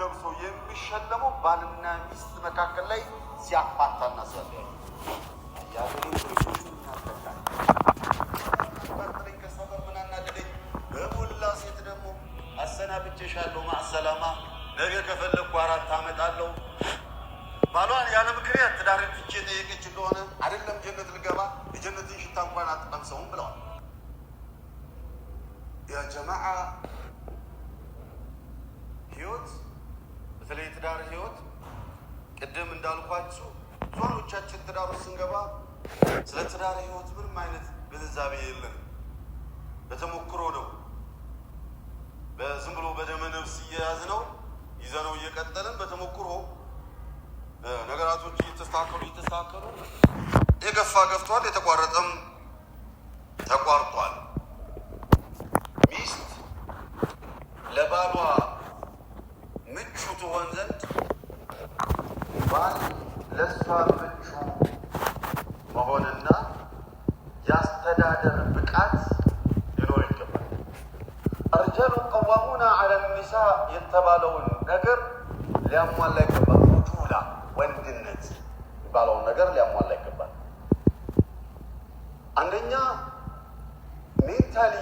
የሚለብሰው የሚሸለመው ባልና ሚስት መካከል ላይ ሲያፋታና ሲያለ በሞላ ሴት ደግሞ አሰናብቼሻለሁ፣ ማሰላማ ነገር ከፈለግኩ አራት አመጣለሁ። ባሏን ያለ ምክንያት ትዳርን ፍቼ ጠየቀች እንደሆነ አይደለም ጀነት ልገባ የጀነትን ሽታ እንኳን አትቀምሰውም ብለዋል ያ ጀማዓ ህይወት ቅድም እንዳልኳችሁ ዞኖቻችን ትዳር ውስጥ ስንገባ ስለ ትዳር ህይወት ምንም አይነት ግንዛቤ የለን። በተሞክሮ ነው፣ በዝም ብሎ በደመ ነፍስ እየያዝ ነው ይዘነው እየቀጠልን በተሞክሮ ነገራቶች እየተስተካከሉ እየተስተካከሉ የገፋ ገፍቷል፣ የተቋረጠም ተቋርጧል። ሚስት ለባሏ ምቹ ትሆን ዘንድ ባል ለእሷ ምቹ መሆንና የአስተዳደር ብቃት ሊኖር ይገባል። አርጀሉ ቀዋሙና አለ ኒሳ የተባለውን ነገር ሊያሟላ ይገባል። ሩጁላ ወንድነት የሚባለውን ነገር ሊያሟላ ይገባል። አንደኛ ሜንታሊ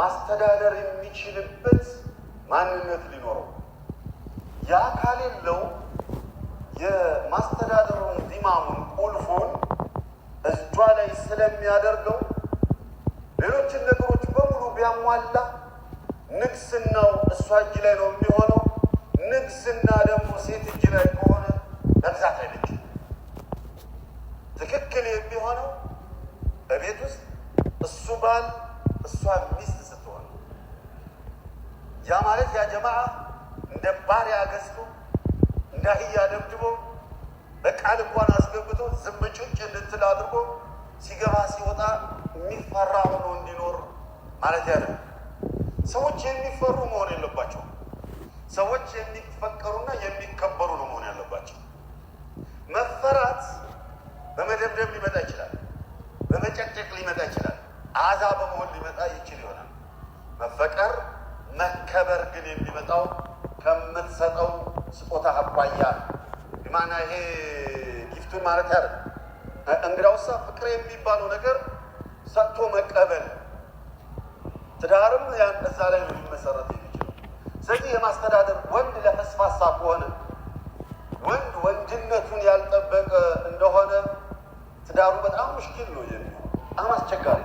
ማስተዳደር የሚችልበት ማንነት ሊኖረው ያ ካሌለው የማስተዳደሩን ዚማሙን ቁልፉን እጇ ላይ ስለሚያደርገው ሌሎችን ነገሮች በሙሉ ቢያሟላ ንግስናው እሷ እጅ ላይ ነው የሚሆነው። ንግስና ደግሞ ሴት እጅ ላይ ከሆነ በብዛት አይነች። ትክክል የሚሆነው በቤት ውስጥ እሱ ባል እሷ ሚስት ስትሆን ያ ማለት ያ ጀማዓ ባሪያ ገዝቶ እንደ አህያ ደብድቦ በቃል እንኳን አስገብቶ ዝምጭጭ እንድትል አድርጎ ሲገባ ሲወጣ የሚፈራ ሆኖ እንዲኖር ማለት ያለ ሰዎች የሚፈሩ መሆን የለባቸው። ሰዎች የሚፈቀሩና የሚከበሩ ነው መሆን ያለባቸው። መፈራት በመደብደብ ሊመጣ ይችላል፣ በመጨቅጨቅ ሊመጣ ይችላል፣ አዛ በመሆን ሊመጣ ይችል ይሆናል። መፈቀር መከበር ግን የሚመጣው ከምትሰጠው ስጦታ አኳያ ማና ይሄ ጊፍቱን ማለት ያለ እንግዳውሳ ፍቅር የሚባለው ነገር ሰጥቶ መቀበል ትዳርም ያን እዛ ላይ ነው ሊመሰረት የሚችል። ስለዚህ የማስተዳደር ወንድ ለፈስፋሳ ከሆነ ወንድ ወንድነቱን ያልጠበቀ እንደሆነ ትዳሩ በጣም ሙሽኪል ነው የሚሆን በጣም አስቸጋሪ